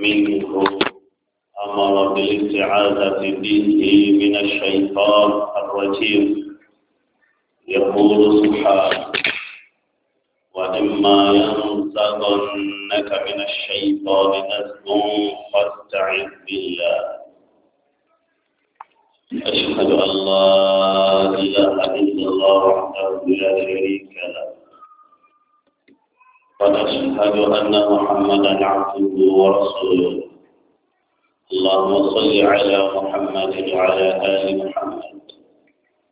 منه أمر بالاستعاذة به من الشيطان الرجيم يقول سبحانه وإما ينزغنك من الشيطان نزغ فاستعذ بالله أشهد أن لا إله إلا الله وحده لا شريك له ونشهد أن محمدا عبده ورسوله اللهم صل على محمد وعلى آل محمد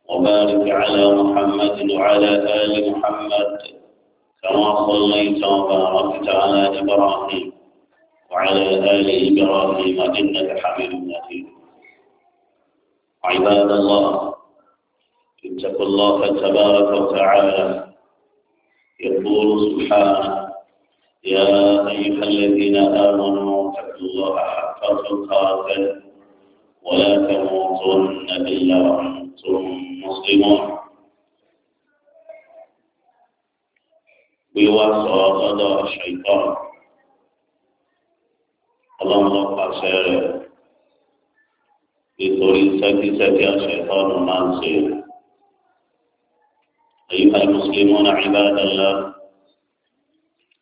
وبارك على محمد وعلى آل محمد كما صليت وباركت على إبراهيم وعلى آل إبراهيم إنك حميد مجيد عباد الله اتقوا الله تبارك وتعالى يقول سبحانه يا أيها الذين آمنوا اتقوا الله حق تقاته ولا تموتن إلا وأنتم مسلمون بواسطة sọ الشيطان اللهم لك pàṣẹ rẹ̀ nítorí سكي ṣèitán máa أيها المسلمون عباد الله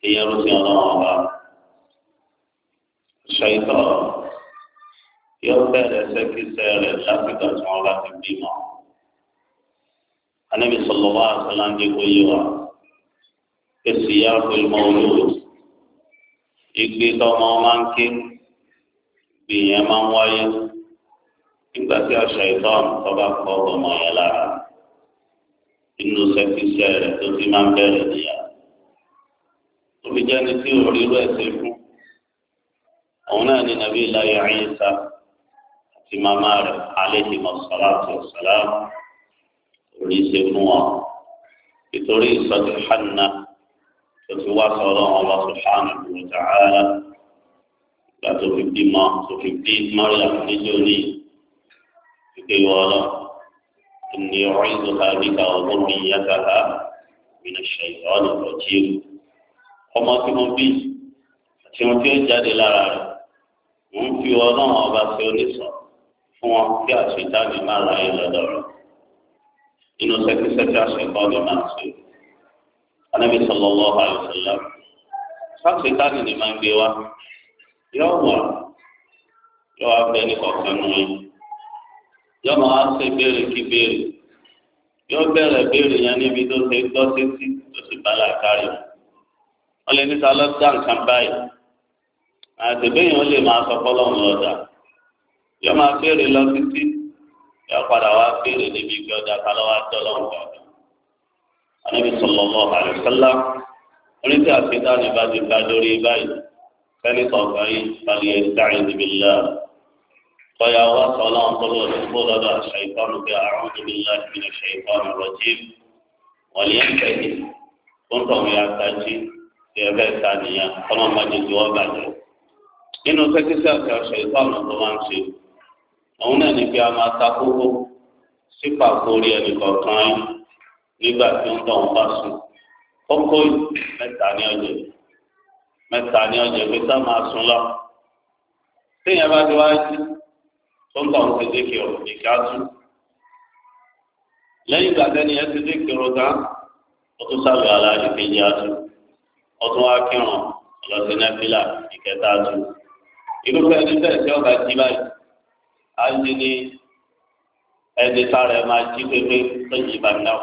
èèyàn ló ti ọ̀nà ọ̀la ṣàìtọ̀ yóò bẹ̀rẹ̀ ṣẹ́kíṣẹ́ rẹ̀ lásìkò tí wọ́n bá ti bímọ. anábì sọlọ́wọ́ àtàláńdé kò yé wa èsì yá pẹ̀lúmọ́ olóòtú igbe tọmọ máa ń ké gbìyàn máa ń wáyé nígbà tí aṣọ tó bá kọ́ ọmọ yẹn lára inú ṣẹ́kíṣẹ́ rẹ̀ tó ti máa ń bẹ̀rẹ̀ nìyà jẹ́ ní tí ò rírú ẹ̀sẹ̀ fún òun náà ní nàbí ìlàyé àyíṣà àti màmá rẹ̀ àlejò sọ̀láàtì ọ̀sálàm òní ṣe fún wọn ìtorí ìsọdí hànà tó ti wá sọ̀rọ̀ ọba subhanahu wa ta'ala ìgbà tó fi bí ma tó fi bí mariam níjó ní ìpéwọ́ ọlọ́ ìní ọ̀rọ̀ ìdòkà bíkà ọgbọ́n mi yàtà ha min ash-shaytan ọmọ tí mo bí àti ohun tí ó jáde lára rẹ̀ mo ń fi ọlọ́run ọba tí ó lè sọ fún wọn kí àṣetáni má ra ẹ lọ́dọ̀ rẹ̀ nínú sẹ́kísẹ́kí àṣekọ́ ni máa ṣe anábì sallallahu alaihi wasallam sáṣetáni ni máa ń gbé wa yọ wà yọ wà bẹ́ẹ̀ ní kọ̀ọ̀kan nù yín yọ máa ṣe béèrè kí béèrè yọ bẹ̀rẹ̀ béèrè yẹn níbi tó ṣe gbọ́ sétí tó sì bá làákàrẹ̀ mọ́ wọ́n lè níta lọ́dà nǹkan báyìí àtẹ̀bẹ́yìn ó lè máa sọ fọlọ́run lọ́dà yọ máa fèrè lọ títí yọ padà wá fèrè níbi kí ọjà kálọ́ wá tọ́lọ́run gbàgbọ́. anábì sallallahu alaihi wasallam orí tí àfihàn ní bá ti gba lórí báyìí fẹ́ni kọ̀ọ̀kan yìí balẹ̀ ẹ̀dáì níbi lẹ́ kọ́yà wá sọ́lọ́run tó lọ́dọ̀ tó àṣà ìfọ́nù bí àrùn níbi lẹ́ wọ́n yẹn kẹ́yìn tó ń tọ̀ wọ́n yá tají ẹ̀fẹ́ ta nìyẹn kọ́nà ọmọdé tí wọ́n bàjẹ́. nínú sẹ́kísẹ́ ọ̀sẹ̀ ọ̀sẹ̀ ìfọ̀nà tó máa ń ṣe òun náà ní pé a máa ta kókó sípà kórí ẹnì kọ̀ọ̀kan yín nígbà tí ń tọ̀hún bá sùn. kókó yìí mẹ́ta ní ọ̀jẹ̀ mẹ́ta ní ọ̀jẹ̀ pé sá máa sùn lọ. téèyàn bá ti wá jí tó ń tọ̀hún ti kí ọ̀rọ̀ kì ká sùn. lẹ́yìn ìgbà tẹ́ni ẹ ti dé kí ọ̀rọ̀ tán ó tún sábẹ̀ ara kejì á ọtún wá kírun ọlọsẹ nàfìlà ìkẹta tù irúfẹ́ ẹni bẹ́ẹ̀ tí ọba jí báyìí á jí ní ẹni sára ẹ máa jí pépé tó yí ìbàdàn náà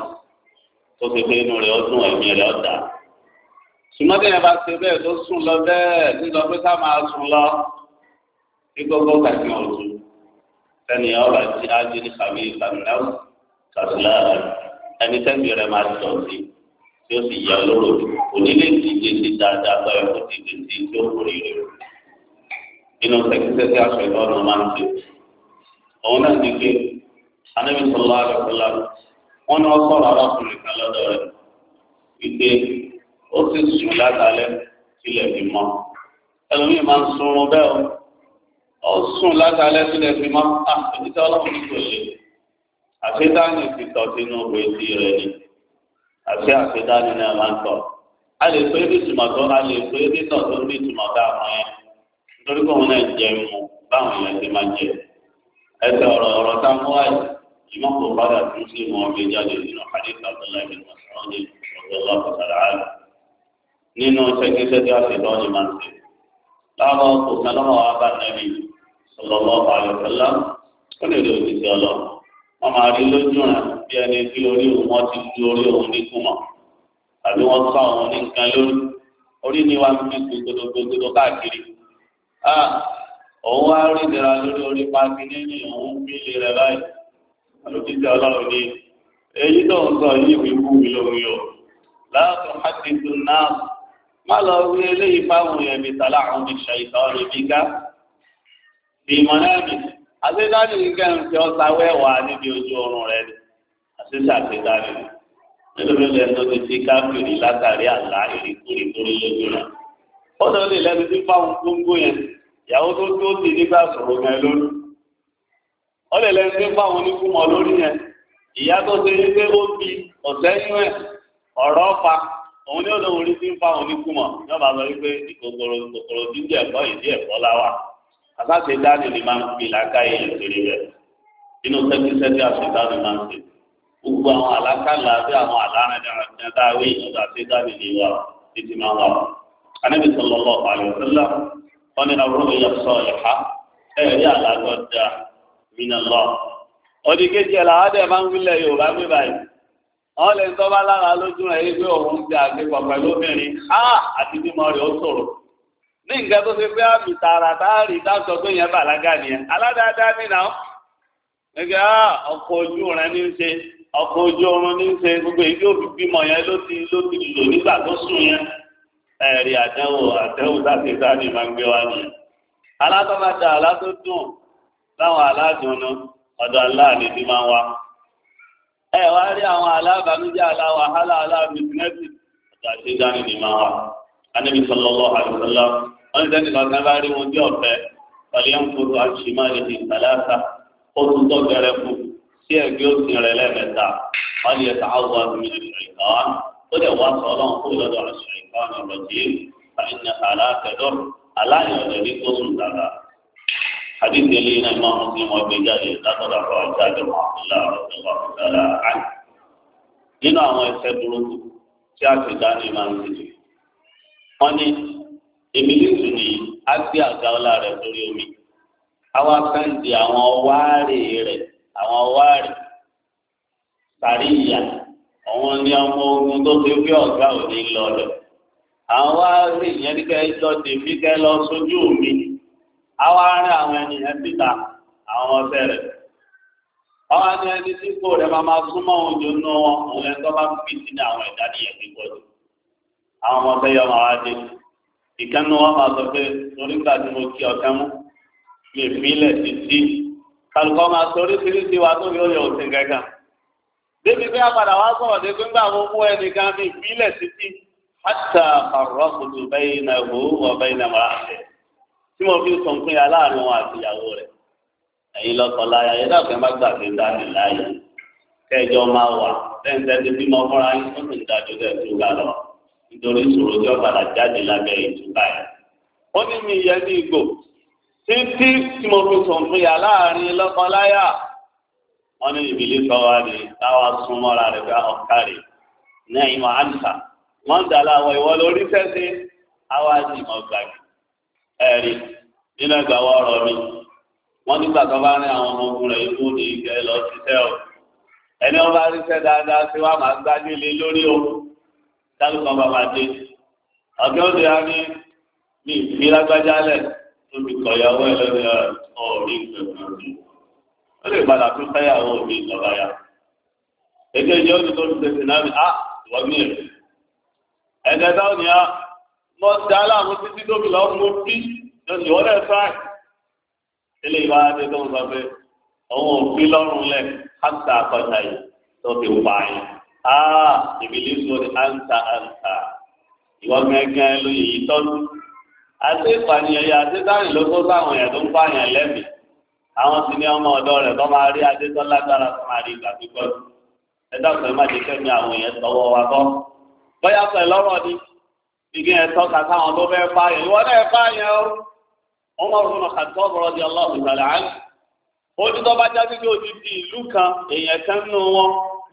tó ti pé inú rẹ̀ ọdún ẹ̀mí rẹ̀ ọ̀dà. Sùmọ́tì yẹn bá ṣe bẹ́ẹ̀ tó sùn lọ bẹ́ẹ̀ nígbà pé ká máa sùn lọ ní gbogbo kàkí ọ̀tún. Sẹ́ni ọba ti ájú ní kàmí ìsàmìlẹ́wò kàtúlá rẹ̀ ẹni tẹ́bi tí ó sì yá lóró onílé ti dé sí dáadáa bá ẹ̀kọ́ ti dé sí tí ó kórè rẹ̀. nínú sẹ́kísẹ́kí aṣọ ìlọ́nà máa ń ṣe. òun náà ti gbé anábì sọlá àgbẹ̀kọ́lá wọn ni wọ́n sọ̀rọ̀ arákùnrin kan lọ́dọ̀ rẹ̀ wípé ó sì sùn látàlẹ́ sílẹ̀ fi mọ́. ẹlòmíì máa ń sunrun bẹ́ẹ̀ o ó sùn látàlẹ́ sílẹ̀ fi mọ́ àtúntí ah, ọlọ́run ní kò lè àṣetánì ti tọ́ sínú òwe sí rẹ̀ ni tí àṣedání náà máa ń sọ a lè pé ní ìtumọ̀ tó a lè pé ní ìtàn tó ní ìtumọ̀ tá a mọ̀ yẹn nítorí pé òun náà jẹ mu báwọn yẹn ti máa jẹ ẹsẹ̀ ọ̀rọ̀ ọ̀rọ̀ tá a mú wáyé ìmọ̀ kò padà tún sí ìmọ̀ ọ̀gbẹ́ jáde nínú hadith abdullahi bin masoud ọ̀gbẹ́lá kọ̀sàlàyé nínú sẹ́kísẹ́kí àṣedọ́ni máa ń ṣe láwọn kò wọ́n máa rí lójú rẹ̀ bí ẹni tí orí òun wọ́n ti ju orí òun ní kùmọ̀ tàbí wọ́n sọ òun ní nǹkan lórí orí ni wàá fi gbogbogbò káàkiri òun wá rí ìdíra lórí orí pàṣẹ nínú òun fi lè rẹ̀ láì àlòkìtì ọlọ́run ní èyí tó ń sọ yìí wí wú mi lórí o láàbù hàtìtù náà má lọ rí eléyìí fáwọn ẹ̀mí tàlà àwọn ìṣàìtọ́ rẹ̀ bí ká bí mọ̀ náà nìyí àṣetáni nǹkan ti ọ̀sà wẹ́wà níbi ojú oorun rẹ ni àṣeṣàṣetáni nínú mi lẹ́nu ti fi káfíìrì látàrí àlá ìrìkúrì tó lójú rẹ. ó lọ lè lẹ́nu tí fáwọn gbóngbó yẹn ìyàwó tó tó ti nígbà sọ̀rọ̀ yẹn lórí. ó lè lẹ́nu tí fáwọn oníkùmọ̀ lórí yẹn ìyá tó ṣe ní pé ó bi ọ̀sẹ́ inú ẹ̀ ọ̀rọ̀ pa òun ní ọ̀dọ̀ orí tí fáwọn oníkùmọ̀ yọ̀ọ́ bá sọ wípé ìkòkòrò ìkòkòrò àtàtì dání ni máa ń fi làákàyè ìṣèlú rẹ inú sẹ́kísẹ́kí àṣetáni máa ń ṣe gbogbo àwọn àlákàlà àti àwọn na dáwé ìjọba àṣetáni ni wà títí máa wà. anábì sallallahu alaihi wasallam wọn ni àwòrán mi yà sọ ìhá ẹ̀rí àlágọ́ da mínà lọ. ọdí kejì ẹ̀ làwọn àdẹ̀ máa ń wílẹ̀ yorùbá gbé báyìí wọn lè bá lára lójú rẹ̀ pé òun ti ní nǹkan tó ṣe pé àmì tààrà táàrí dáṣọ pé yẹn bàlágà nìyẹn aládáadáa nínà ó nígbà ah, ọkọ̀ ojú rẹ ní í ṣe ọkọ ojú oorun ní í ṣe gbogbo èyí tó fi bímọ yẹn ló ti ló ti lò nígbà tó sùn yẹn ẹ̀rí àdánwò àdánwò láti sáàdì máa ń gbé wá nìyẹn alátọ́mọdé alátọ́dún láwọn aládùnnú ọ̀dọ̀ aláàdì ti máa ń wá ẹ wá rí àwọn alábàánújẹ́ aláwàhálà ọ̀dọ̀ ni máa wá wọ́n sẹ́ni kankan bá rí wọn bí ọ̀fẹ́ pàlẹ́ ń foro àṣìmá ìdí ìtàlásà ó tún tọ́ gẹrẹ fún sí ẹgbẹ́ òsìn rẹ lẹ́ẹ̀mẹ́ta wọ́n yẹ ká àwọn àmì ìṣèkán ó dẹ̀ wá sọ ọlọ́run kó lọ́dọ̀ àṣìṣèkán ọ̀rọ̀ tí àìní àlàkẹ́dọ̀ aláyọ̀ ní tó sùn dàgbà. حديث لنا الإمام مسلم وبجاله لقد روى جابر الله رضي الله عنه nínú àwọn ẹsẹ burúkú tí a á gbé rẹ ọlá lórí omi àwọn akẹ́ǹdì àwọn wáàrè àwọn wáàrè sàrí ìyá àwọn ní ọmọ ogun tó ti gbé ọ̀gá òní lọlẹ̀ àwọn yẹn ní lọ lọ sójú omi àwọn arìn àwọn ènìyàn síta àwọn ọ̀sẹ̀ rẹ̀ àwọn ẹni tí kò máa nù wọn ìkànnì wa máa sọ pé torí gbà tí mo kí ọ̀tá mú lè fílẹ̀ títí kálukọ́ máa sọ oríṣiríṣi wa tó yóò yọ òsìn kankan. débi pé apàdà wa sọ̀rọ̀ dé pé ńgbà mo mú ẹnìkan mi fílẹ̀ títí hàtà àrọ́ kùtù bẹ́yìn náà wò wọ́ bẹ́yìn náà máa fẹ́ tí mo fi sọ pé aláàánú wọn àti ìyàwó rẹ̀ ẹ̀yin lọ́kọ̀ láyà yẹn náà fẹ́ má gbà pé dání láyà kẹjọ máa wà lẹ́yìn tẹ́tí bí mo fọ́ra yín ó ń dájú tẹ̀ tó ga nítorí ìṣòro tí ọ̀padà jáde lábẹ́ ìtura ẹ̀. wọ́n ní mi yẹ ní ìgò títí tí mo fi sùn fún yà láàrin lọ́kọláyà wọ́n ní ìbílẹ̀ sọ́wọ́ ni táwa sún mọ́ra rẹ̀ bá ọ̀kárì náà ìmọ̀ àǹtà wọ́n ń dàlá àwọn ìwọ lórí fẹ́sẹ̀ àwa ni ìmọ̀ gbàgbé ẹ̀rí nínú ẹgbàá ọ̀rọ̀ mi wọ́n nígbà tó bá rí àwọn ọmọ ikú ní ìgbẹ́ lọ sí tẹ́ ẹni wọ́n bá rí dáadáa sí wa máa gbájú lé lórí ohun dárúkọ bàbá dé ọ̀gá òde á ní ní ìfi lágbájá lẹ̀ tóbi kọ̀yàwó ẹ̀ lọ́dẹ ọ̀rí ìgbẹ̀rún ọ̀dún ó lè padà tún fẹ́yàwó mi ìjọba ya èké ìjọ ní tó ti tètè náà ní à ah, wọ́n ní ẹ̀ ẹ̀dẹ̀ táwọn ni a ah, mọ̀ dá láàmú títí tóbi lọ́wọ́ mú bí lọ́sì wọ́n lẹ̀ fáì ilé ìwà adé tó ń sọ pé òun ò fi lọ́rùn lẹ̀ ká aa ìbílẹ̀ sọ̀rọ̀ àǹtà àǹtà ìwọ gángan ló yẹ yìí tọ́jú àti ìpànìyàn yìí àti dáhùn ló kó sáwọn èèyàn tó ń pààyàn lẹ́mìí àwọn sì ní ọmọ ọ̀dọ́ rẹ̀ tó máa rí adé tó lágbára tó máa rí ìgbà pípọ̀ ẹ dákun ẹ má jẹ kẹ́mi àwọn èèyàn tọwọ́ wa kọ́ bóyá pẹ̀ lọ́rọ̀ ni igi yẹn tọ́ka sáwọn tó fẹ́ pààyàn ìwọ náà pààyàn o wọ́n máa fún ọkà tó ọ̀rọ̀ di ọlọ́ọ̀dún ìgbàlẹ̀ àná ó ní tó bá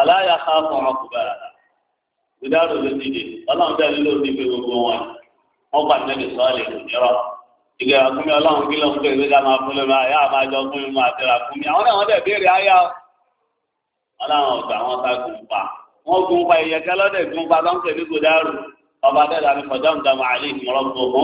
ọ̀la yà ká fún ọkùnrin rárá gbẹdáró ló ti dé ọlọ́run bẹ́ẹ̀ ló ní pé gbogbo wọn wọn gbà nẹ́bí sọ́ọ̀lì ìrọ̀ ìgbà àkúnmí ọlọ́run kí ló ń pè é ká máa fúnlẹ̀ máa yá máa jọ fún mi máa tẹ̀lé àkúnmí àwọn náà wọ́n dẹ̀ béèrè ayá ọlọ́run ọ̀gbà wọn sá gùn pa wọn gùn pa ìyẹ̀kẹ́ lọ́dẹ̀ gùn pa tó ní gbẹdáró ọba dẹ́ta ni fọ̀dáhùn dàmú àlẹ́ ìmọ̀ràn gbogbo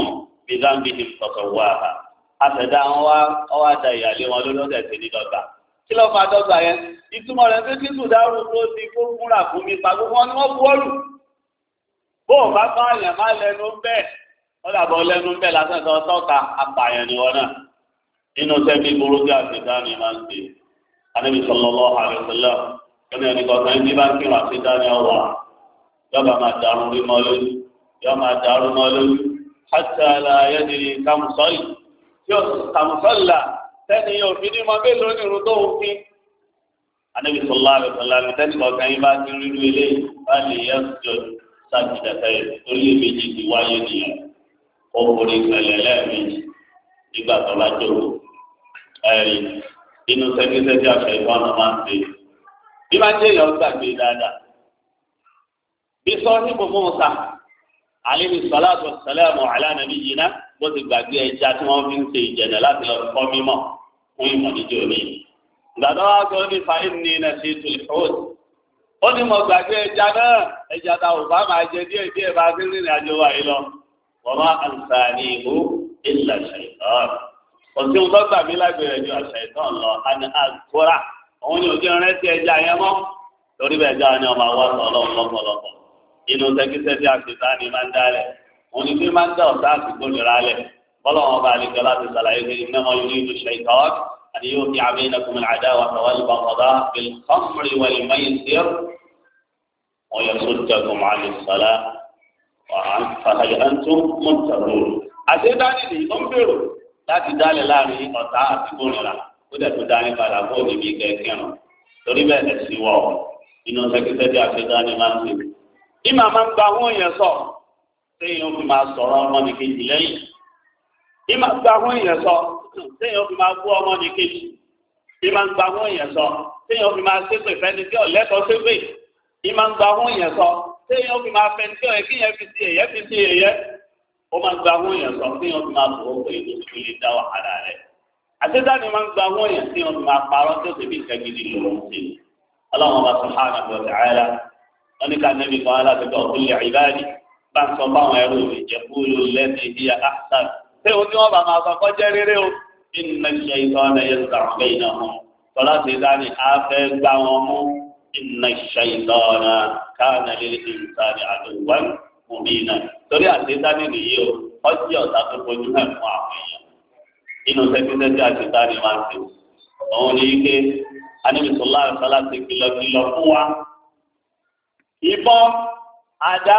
kí ló máa dọ́gba yẹn ìtumọ̀ rẹ̀ pé kíkù dárò tó ti kó fúnra fún mi pa gbogbo wọn ni wọ́n buwọ́lù bó o bá bá àyàn má lẹnu bẹ́ẹ̀ wọ́n dàbọ̀ lẹnu bẹ́ẹ̀ lásán tó tọ́ka apààyàn ni wọn náà nínú sẹ́mi burúkú àfidání máa ń ṣe anábì sọlọ́lọ́ àrẹ̀sọ́lá ẹni ẹni kọ̀ọ̀kan ní bá ń kírun àfidání ọ̀wà yọba máa dàrú rí mọ́ lójú yọba máa dàrú mọ́ lójú sẹ́ni yóò fi ní ma bẹ́ẹ̀ lónìí irun tó ń fi. anabi sọlá rẹ sọlá rẹ sẹ́ni kọ̀ọ̀kan yín bá ti rí rí ilé bá lè yẹ jọ sáàtì dàtà yẹ torí èméjì ti wáyé nìyẹn ọkùnrin pẹ̀lẹ́ lẹ́ẹ̀mejì nígbà tó bá jókòó ẹ̀rí inú sẹ́kísẹ́kí àfẹ́ ìfọ́nà máa ń ṣe bí máa ń jẹ́ gbàgbé dáadáa bí sọ́ọ́ ní gbogbo wọn sá alẹ́ ní sọlá àtọ̀ sọlá àmọ̀ àlá nàbí wọ́n ti gbàgbé ẹja tí wọ́n fi ń ṣe ìjẹ̀nà láti lọ kọ́ mímọ́ fún ìmọ̀ níjẹ́ òní. Ìgbàdàn wa sọ ní fàyín ní iná ṣe tó ìfọwọ́sì. Ó ní mo gbàgbé ẹja náà, ẹja ta ò bá máa jẹ díẹ̀ díẹ̀ bá fi rìnrìn àjò wa yìí lọ. Wọ́n máa ń sa ní ìhó ìlà ṣàìtàn. Kò sí ohun tó gbà mí lágbèrè ju àṣàìtàn lọ, àni àgbọ́ra. Òun ni òjò rẹ ẹja yẹn mọ́. Torí bẹ́ẹ̀ já ni ọmọ àwọn ọ̀sán Inú sẹ́kísẹ́ tí a ni máa ń dálẹ̀ òun ni bí máa ń dá ọ̀tá àsìkò nira lẹ̀ bọ́lá wọn bá àlejò láti sàlàyé pé iná wọn yóò ní ṣèkọ́ àti yóò fi àmì iná kùnmí àdá wa tọ́wọ́ lùbọ̀ kọ́dá bíi kọ́mùrì wà lè máyì sí ọ́ wọn yẹ kó jagun máa lè sọ́lá fàhàyà ń tún mú tàbí. àti dání ni ó ń bèrò láti dálẹ̀ láàrin ọ̀tá àsìkò nira ó dẹ̀ tó dání téèyàn fi máa sọ̀rọ̀ ọmọnìkejì lẹ́yìn ní máa gba àwọn èèyàn sọ téèyàn fi máa bú ọmọnìkejì ní máa gba àwọn èèyàn sọ téèyàn fi máa ṣépè fẹ́ni tí ọ̀lẹ́tọ̀ ṣépè ní máa gba àwọn èèyàn sọ téèyàn fi máa fẹ́ni tí ọ̀yẹ́ kíyẹn fi ti èyẹ́ fi ti èyẹ́ ó máa gba àwọn èèyàn sọ téèyàn fi máa bọ̀ pé ètò ìlú dá wàhálà rẹ̀ àtẹ́sá máa gba àwọn èèyàn téèyàn fi máa parọ́ tó ti bí nǹkan gidi lòun sí i ọlọ́run ọba sọ̀hánà bọ̀dẹ̀ àyàlá wọn ní ká nẹ́bí kan aláàbẹ̀bẹ̀ ọ̀kúnlẹ̀ ìbáàdì bá sọ fáwọn ẹrú ìjẹkúlù lẹ́ni bí ahsan pé o ní wọn bá máa sọ kọjá rere o inna shaytana yaz'u bainahum tọ́lá ti dání afẹ́ gbá wọn mú inna shaytana kana lil insani aduwwan mubina torí àti dání nìyí o ọjọ́ ọ̀tá tó fojú hàn fún àwọn èèyàn inú sẹ́kítẹ́tì àti dání máa ń òun ni ike anibisọlá àṣálà ti kìlọ̀kìlọ̀ fún wa ìbọn àdá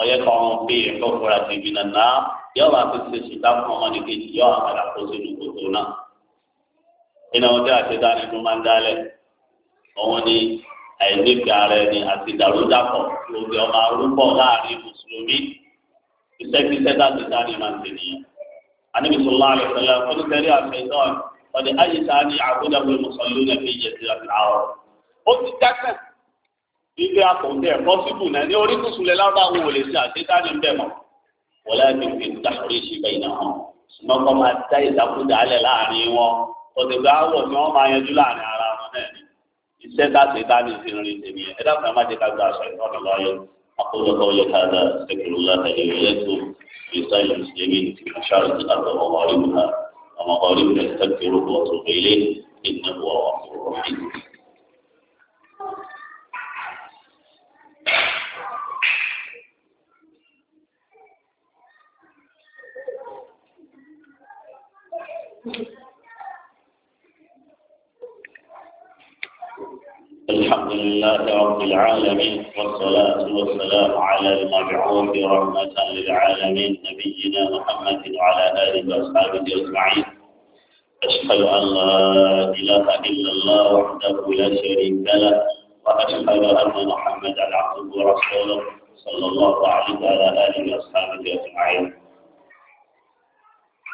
ọ̀yẹ́ kan ọ̀hún pé ẹ̀kọ́ fúra ti bí nàná yóò máa fi ṣe ṣùgbọ́n fún ọmọ ní kejì yóò àmàlà kó sínú kòtò náà. iná wọn tí a ti dá nínú máa ń dálẹ̀ òun ni àìníkẹ́ ara ẹni àti ìdàrúdàpọ̀ òbí ọmọ arúgbó láàrin mùsùlùmí iṣẹ́kíṣẹ́ láti dá máa ń tẹ̀lé yẹn. àníbi sọlá àlùfẹ́lẹ́ oníṣẹ́rí àfẹ́sọ́ọ̀n ọ̀dẹ̀ ayíṣà ni àbúdàbọ̀ mùsùlùmí ilé akọ̀ǹdẹ̀ pọ́sibù náà ní orí kùsùlẹ̀ lábá àwọn olè sí àṣetáni ń bẹ̀ mọ́ wọlé àgbègbè ìdáhùrí ìṣìbẹ̀ iná hàn ṣùgbọ́n kọ́ máa dá ìdákúdà alẹ̀ láàrin wọn ọ̀sẹ̀gbẹ̀ àwọ̀ ni wọ́n máa yanjú láàrin ara wọn náà ni iṣẹ́ láti dání sí rin tèmi ẹ̀ ẹ̀dá kan má jẹ́ ká gba àṣà ìfọ̀nà lọ́yọ̀ akólọ́kọ́ yẹ ká gba ṣẹkùrùlá tẹ̀lé ìrẹ́tù ìṣ الحمد لله رب العالمين والصلاة والسلام على المبعوث رحمة للعالمين نبينا محمد وعلى آله وأصحابه أجمعين أشهد أن لا إله إلا الله وحده لا شريك له وأشهد أن محمدا عبده ورسوله صلى الله عليه وعلى آله وأصحابه أجمعين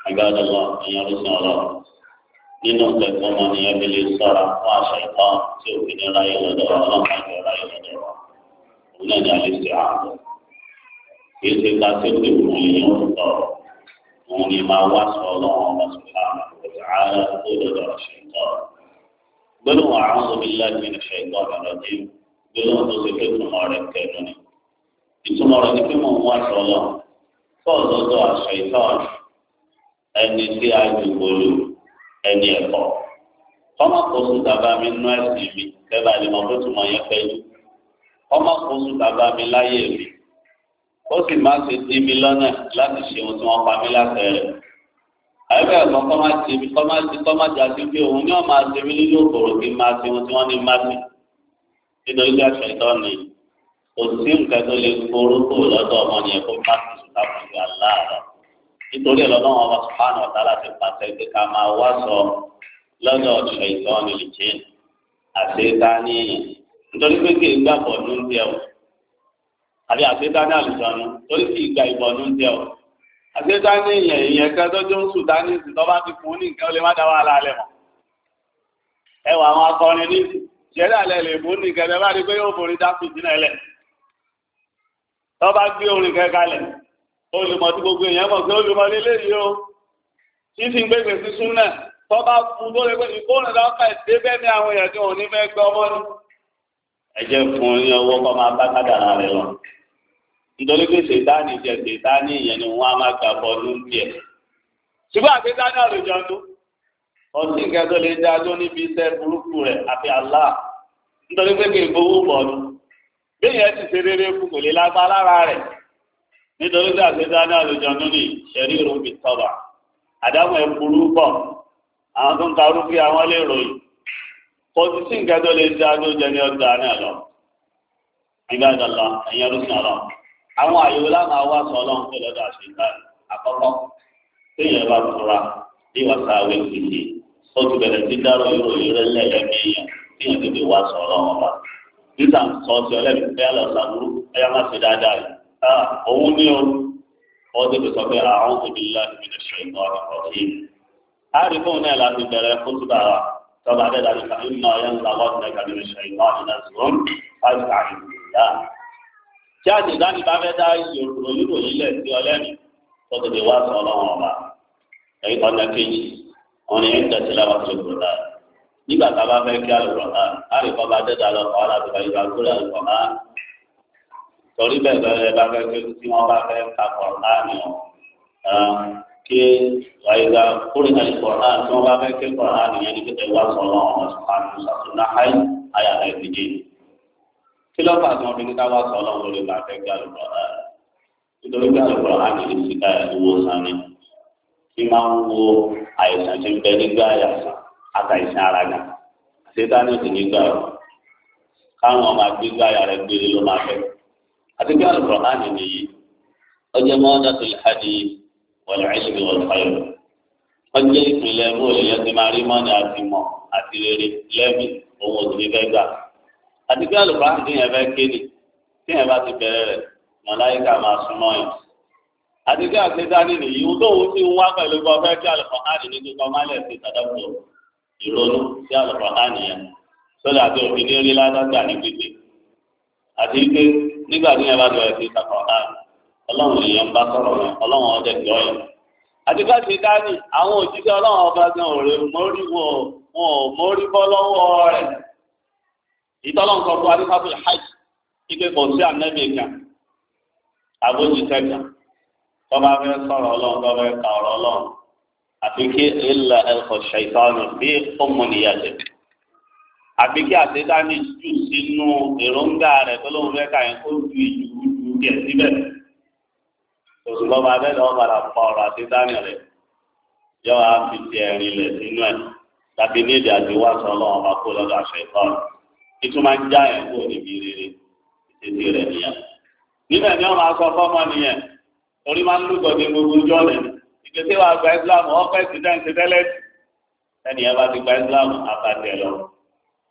عباد الله يا رسول الله nínú kẹ̀kọ́ mọ ni ẹbí lè sọ̀rọ̀ fún àṣà ìtọ́ tí òfin ní ráyè lọ́dọ̀ ọlọ́pàá ìjọ ráyè lọ́dọ̀ òun náà ní alẹ́ sí àbọ̀. kì í ṣe ká ṣe pé òun èèyàn ń sọ òun ni máa wá sọ ọlọ́run ọba sọ̀rọ̀ àwọn ọ̀gá ara tó lọ́dọ̀ ọ̀ṣẹ̀ ìtọ́. gbólóhùn àwọn omi láti ní ṣe ìtọ́ ọ̀rọ̀ dé gbólóhùn tó ṣe pé ìtumọ̀ rẹ̀ kẹ́nu ni. ìtumọ̀ rẹ̀ ni pé mò ń wá sọ ọlọ́run fọ́ọ̀lọ́dọ̀ àṣẹ ìtọ́ ẹni tí a jù gbòòlù ẹni ẹ̀kọ́ ọmọ kóso bàbá mi nú ẹ̀sìn mi kẹ́bà lè mọ bó tún mọ yẹn fẹ́ yìí ọmọ kóso bàbá mi láyé mi ó sì má ṣe dí mi lọ́nà láti ṣe ohun tí wọ́n pa mí láfẹ́ rẹ̀ àyẹ̀fẹ́ ẹ̀kọ́ kọ́ má ti mi kọ́ má ti kọ́ má jà sí pé òun ní ọ̀ma ṣe mí nínú òkòrò kí n máa ṣe ohun tí wọ́n ní má ṣe nítorí bí aṣọ ìtọ́ ni kò sí nǹkan tó lè forúkọ lọ́dọ̀ ọmọ yẹn kó má ti sùn láti ṣe aláàrọ̀ nítorí ọlọ́dún ọba sùpánù ọ̀tá láti pàṣẹ pé ká máa wá sọ lọ́dọ̀ ọ̀ṣọ́ ìtọ́ni ìjẹ́ àṣetáni èèyàn nítorí pé kì í gbà bọ̀nú ń tẹ ọ àbí àṣetáni àlùsọ̀nù torí kì í gba ìbọ̀nú ń tẹ ọ àṣetáni èèyàn èèyàn kan tó jó ń sùn dání sí tọ́ba ti fún ní nǹkan ó lè má dá wàhálà alẹ́ mọ́ ẹ wà àwọn akọrin ní ìṣẹ̀lẹ̀ alẹ́ lè fún nìkan ẹ bá rí pé yóò olùmọ̀ tí gbogbo èèyàn mọ̀ pé olùmọ̀ nílé yìí o tí ti ń gbé gbèsè sún náà tó bá fún tó lè pé ìkórè lọ́kà ìdébẹ́ ní àwọn èèyàn tí fún ní máa bá lọ. nítorí pé jẹ ìyẹn ni á máa gbà ní ṣùgbọ́n àlùjọ tó ọtí lè dá tó níbi iṣẹ́ burúkú àfi nítorí pé kì í fowó bọ̀ bí ìyẹn nítorí pé àgbẹ̀dá náà lójọ nínú ìṣẹ̀rí ìròmí tọ́ba àdámọ̀ ẹ̀ burú pọ̀ àwọn tó ń ka rúfin àwọn lè ròyìn kò sí sí nǹkan tó lè dá lójọ ní ọjà náà lọ nígbà dàlọ ẹ̀yìn ọdún náà lọ àwọn àyèwò láwọn awá sọ ọlọ́run pé lọ́dọ̀ àṣetá àkọ́kọ́ téèyàn bá fura bí wọ́n sá wé kìkì ó ti bẹ̀rẹ̀ sí dárò ìròyìn rẹ̀ lẹ́yẹ̀mẹ́yàn téèyàn ti fi wá sọ ọlọ́run ọba nígbà sọ ọ sí ọlẹ́bí fẹ́ lọ sàbúrú ẹ̀yà má ṣe dáadáa rẹ̀ òun ní o wọ́n ti sọ pé àwọn òbí láti fi ṣe ìmọ̀ ọ̀rọ̀ ọ̀tí. a rí fóun náà láti bẹ̀rẹ̀ fún tó dára tọ́ba adẹ́dà ní ká nínú ọ̀yẹ́ ńlá lọ́dún náà kàbí ṣe ìmọ̀ ọ̀dínà ṣùgbọ́n láti kà ní ìyá. kí a ti dání bá fẹ́ dá ìṣòro náà a bá fẹ́ kí alùpùpù náà a rí torí bẹ́ẹ̀ bẹ́ẹ̀ bá fẹ́ pé tí wọ́n bá fẹ́ ka kọ̀ọ̀nánì ọ̀ kí àyíká kórè náà kọ̀ọ̀nánì tí wọ́n bá fẹ́ ké kọ̀ọ̀nánì yẹn ní kété wá sọ̀rọ̀ ọ̀nà sùpàdù sàtúnà háì àyàlá ìdíje kí ló fà tí wọ́n fi ní ká wá sọ̀rọ̀ lórí bá fẹ́ gbé àlùkọ̀ọ̀nánì nítorí pé àlùkọ̀ọ̀nánì ní síkà ìwò sani kí máa ń wo àìsàn tí ló máa àti bí alukur'an nìyí ọjọ́ mọ́ọ́dá tó lè hadi wọlé ẹ̀ṣin wọlé ayọ̀ ọjọ́ ìpínlẹ̀ bóyá yẹn ti máa rí mọ́ni àti mọ́ àti rere lẹ́mí ohun òsì ní fẹ́ gbà àti bí alukur'an ti yẹn fẹ́ kéde tí yẹn bá ti bẹ̀rẹ̀ rẹ̀ mọ̀láyíkà máa súnmọ́ yẹn àti bí àgbéga nínú yìí ohun tó wù sí wá pẹ̀lú bọ́ fẹ́ kí alukur'an ní kíkọ́ má lẹ̀ sí tàdáfọ̀ ìrònú sí alukur'an yẹn sọ́dọ̀ àti òfin ní nígbà tí yẹn bá lọ ẹ̀sìn ìtàkùn ọ̀la ọlọ́run èèyàn bá sọ̀rọ̀ yẹn ọlọ́run ọdẹ gbọ́ yẹn. àti bá ṣe dání àwọn òjíṣẹ́ ọlọ́run ọba gan òrè mórí wọ wọn ò mórí bọ́ lọ́wọ́ rẹ̀. ìtọ́lọ́run sọ fún adéfáfù hajj ike kò sí ànẹ́bì kan àbójútẹ́ kan tọ́ba fẹ́ sọ̀rọ̀ ọlọ́run tọ́ba fẹ́ ta ọ̀rọ̀ ọlọ́run àfi kí ilà ẹ̀kọ́ ṣàìtọ́nù àbí kí àṣetánì jù sínú èròǹgbà rẹ̀ tó lóun fẹ́ ka yẹn kó ju ìjùkújù díẹ̀ síbẹ̀ òṣùpá máa bẹ́ẹ̀ lọ́wọ́ padà pa ọ̀rọ̀ àṣetánì rẹ̀ yọ wá fi ti ẹ̀rin lẹ̀ sínú ẹ̀ tàbí ní èdè àti wá sọ ọlọ́run ọba kó lọ́dọ̀ àṣẹ ìtọ́ rẹ̀ ìtú ń já yẹn kó níbi rere ìtètè rẹ̀ nìyẹn nínú ẹ̀ ní ọmọ aṣọ fọ́mọ nìyẹn torí máa ń lùgọ̀ ní gbogbo ọjọ́ rẹ̀ ìgbésẹ̀ wa gba Islam ọ̀pẹ́ ìsìdẹ́ǹtì tẹ́lẹ̀ ẹnìyẹn bá ti gba Islam àbàtẹ̀ lọ.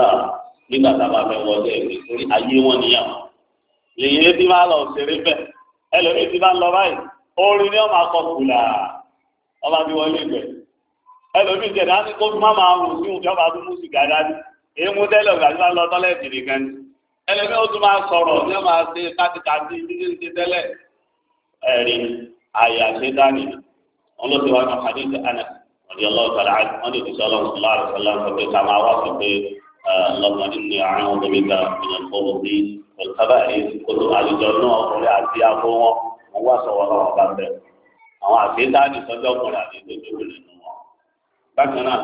náà nígbà tá a bá fẹ́ wọlé ẹ̀mí torí ayé wọn nìyà lèyìn létí máa lọ ṣeré bẹ ẹlòmíì ti máa ń lọ báyìí orin ni wọn máa kọ kùlà ọba ti wọlé ibẹ̀ ẹlòmíì jẹ̀dá ní kó má máa rùn sí òun tí wọn bá tún mú sìgá dání èyí mú tẹ́lẹ̀ ọ̀gá tí wọn lọ tọ́lẹ̀ tì nìkan ni ẹlòmíì ó tún máa sọ̀rọ̀ ní wọn máa ṣe títí ti tẹ́lẹ̀ ẹ̀rí àyà ṣe dání wọn ló ti wá ní hadith اللهم إني أعوذ بك من الخبث والخبائث كل أهل الجنة وكل أهل أقوم wọ́n sọ wọn lọ́wọ́ bá bẹ̀. àwọn àgbéjáde sọ́jọ́ ọkùnrin àti ìdójúwò nínú wọn. bákan náà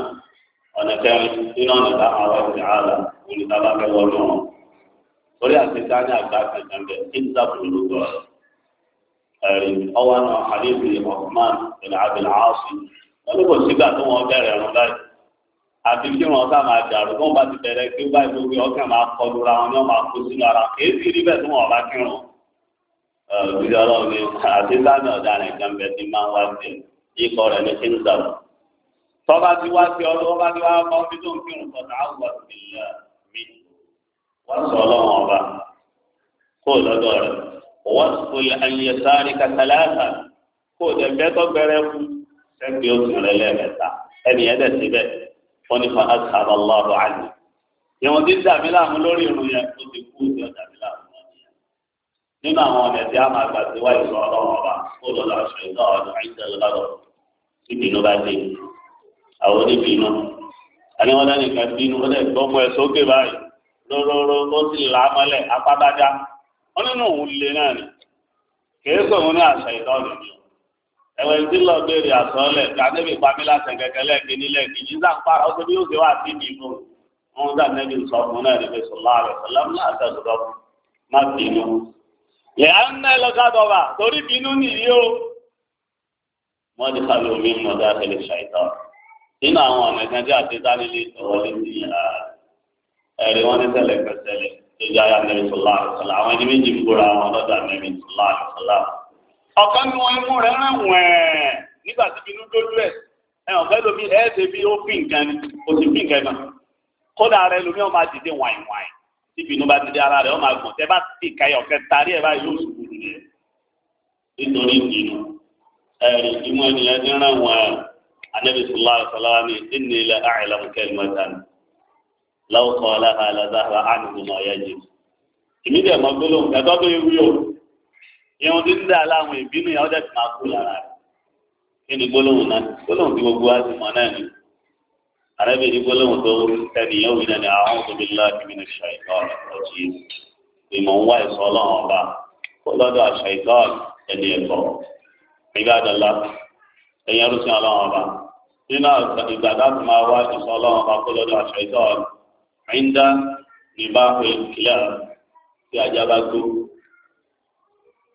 ọ̀nà kẹrin nínú ọ̀nà táwọn ọ̀rọ̀ ti ààlà olùdábà fẹ́ wọnú wọn. torí àgbéjáde àgbà kankan bẹ̀ kí n sábà ló gbọ́. ẹ̀rí ọwọ́ náà àdébìrì ọ̀kùnmán ìlà àbìlà áṣì wọn ní kò sígbà tó wọn bẹ̀rẹ̀ ẹ̀rọ báyìí àti kí wọn sá máa dàrú wọn bá ti bẹ̀rẹ̀ kí wọn bá ìlú wí ọkàn máa kọlu ra wọn ni wọn máa kó sínú ara èyí sì rí bẹ́ẹ̀ tí wọn bá kírun òjijì Ọlọ́run ni àti sáàmì ọ̀daràn kan bẹ́ẹ̀ ti máa ń wá sí ikọ rẹ ní kí n sọ̀rọ̀ tọba ti wá sí ọdún ọba ti wá kọ bí tó ń kírun kọta àwọn ìlà mi wọn sọ Ọlọ́run ọba kó lọ́dọ̀ rẹ wọn sọ ayé sáré kàtàlásà kó dẹgbẹtọ gbẹrẹ fún sẹgbẹ oṣù rẹ wọ́n ní fa asàbà lọ́rọ̀ àlè. ìwọ̀n tí ń dàbí láàmú lórí irun yẹn tó ti kú ìjọ dàbí láàmú lórí yẹn. nínú àwọn ọ̀nà tí a máa gbà tí wáyé sọ ọlọ́run ọba kó lọ́la ọ̀ṣọ́ ìgbà ọ̀dọ̀ àìsàn lọ́dọ̀ ìbínú bá dé. àwọn oníbínú àní lẹ́nu ìgbà bínú wọn lẹ́ gbọ́mọ ẹ̀ sókè báyìí lóróró ẹ̀wẹ̀ ní lọ béèrè àsọ̀ọ́lẹ̀ kàdébì pàmí láti kẹ̀kẹ́ lẹ́ẹ̀kejì lẹ́ẹ̀kejì ń sàn para ọ̀sẹ̀ bí yóò ṣe wá sí ibi ìbò wọn dà nẹ́bí sọ fún náà níbi sọlá rẹ̀ sọlá ńlá àtẹ̀sọ̀rọ̀ má bínú. lẹ́yà ń ná ẹlọ́kadọ̀bà torí bínú nìyí o. wọ́n ti kàwé omi ń mọ̀dá tẹ̀lé ṣàìtọ́ nínú àwọn ọ̀nà kan tí àti dánilé ìtọ́wọlé ti ẹ̀rí wọn ní tẹ̀lé pẹ̀tẹ́lẹ̀ tó jẹ́ ayé ọ̀kan ní wọn mú rẹ̀ rán wẹ̀ẹ̀ nígbà tí inú tó lú ẹ̀ ẹ̀ ọ̀fẹ́ lómi ẹ̀ ṣe bí ó fi nǹkan ni ó ti fi nǹkan náà kódà rẹ lómi ọmọ àdìdé wàìn wàìn tí ìbínú bá ti dé ara rẹ ọmọ àgùn tẹ bá ti ka ẹ̀ ọ̀kẹ́ tarí ẹ̀ báyìí yóò sùkúrù rẹ̀ nítorí ìdìnnú ẹ̀rì ìmọ̀ ènìyàn ní rán wọ̀n anabi sallallahu alaihi wa sallam ni inni la a'lamu kalimatan law ẹ̀ mọ́ gbólóhùn ẹ̀tọ́ tó yẹ ìhun tí ń dà láwọn ìbínú yẹn ọdẹ tí máa kú lára rẹ̀ kí ni gbólóhùn náà gbólóhùn tí gbogbo wa ti mọ̀ náà ni àrẹ́bí ni gbólóhùn tó ẹni yẹn wíná ni àwọn tó bí láti mi ní ṣàìtọ́ ọ̀jì ìmọ̀ ń wá ìsọ ọlọ́run ọba kó lọ́dọ̀ àṣàìtọ́ ẹni ẹ̀kọ́ ìgbàdọ̀lá ẹ̀yìn arúgbó ọlọ́run ọba nínú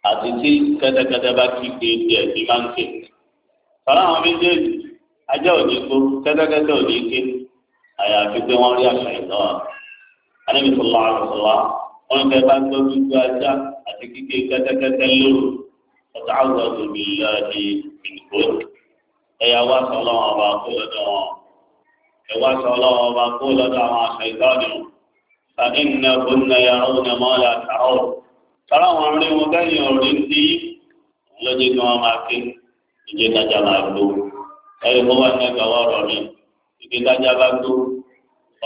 àti tí kẹ́tẹ́kẹ́tẹ́ bá kí kéèké ẹ̀sìn máa ń ké. sọ̀rọ̀ àwọn méjèèjì ajá òní kó kẹ́tẹ́kẹ́tẹ́ òní ké àyàfi pé wọ́n rí àṣà ìtọ́ anábìsọ̀lá àrùsọ̀lá wọn fẹ́ bá gbọ́ gbígbó ajá àti kíké kẹ́tẹ́kẹ́tẹ́ lóru ọ̀tá àwọn ọ̀dọ́ mi lọ́ọ̀dì ìdìbò ẹ̀yà wá sọ̀lọ́ ọba kó lọ́dọ̀ wọn ẹ̀wá sọ̀lọ́ ọba kó lọ́dọ̀ àwọn àṣà ìtọ́ tọ́lá àwọn arìn wọn gẹ́yìn ọ̀rẹ́ sí lọ́jọ́ kí wọ́n máa ké ìjẹ́ dájà máa gbó ẹ̀rí kó wá ní ẹgbẹ́ ọ̀rọ̀ mi ìjẹ́ dájà bá gbó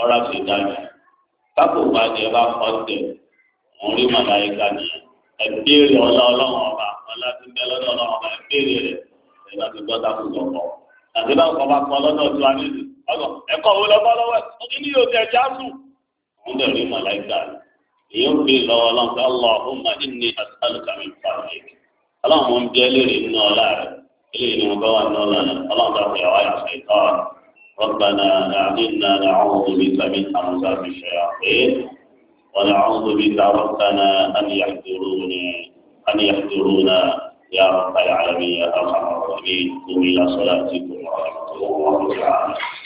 ọ̀rá sì dájú kápò pàdé ẹ bá kọ́ òun rí ká ọba ọlá ti ọba àti bá èyí ń bèèrè lọ́wọ́ ọlọ́run pé Allahumma inni as'aluka min fadlik ọlọ́run mọ̀ ń bí ẹlẹ́rìí nínú ọlá rẹ̀ eléyìí ni wọ́n bá wà nínú ọlá rẹ̀ ọlọ́run bá fi àwọn àṣà ìtọ́ ربنا أعنا نعوذ بك من همزات الشياطين ونعوذ بك ربنا أن يحضرون أن يحضرون يا رب العالمين يا أرحم الراحمين قم إلى صلاتكم ورحمة الله تعالى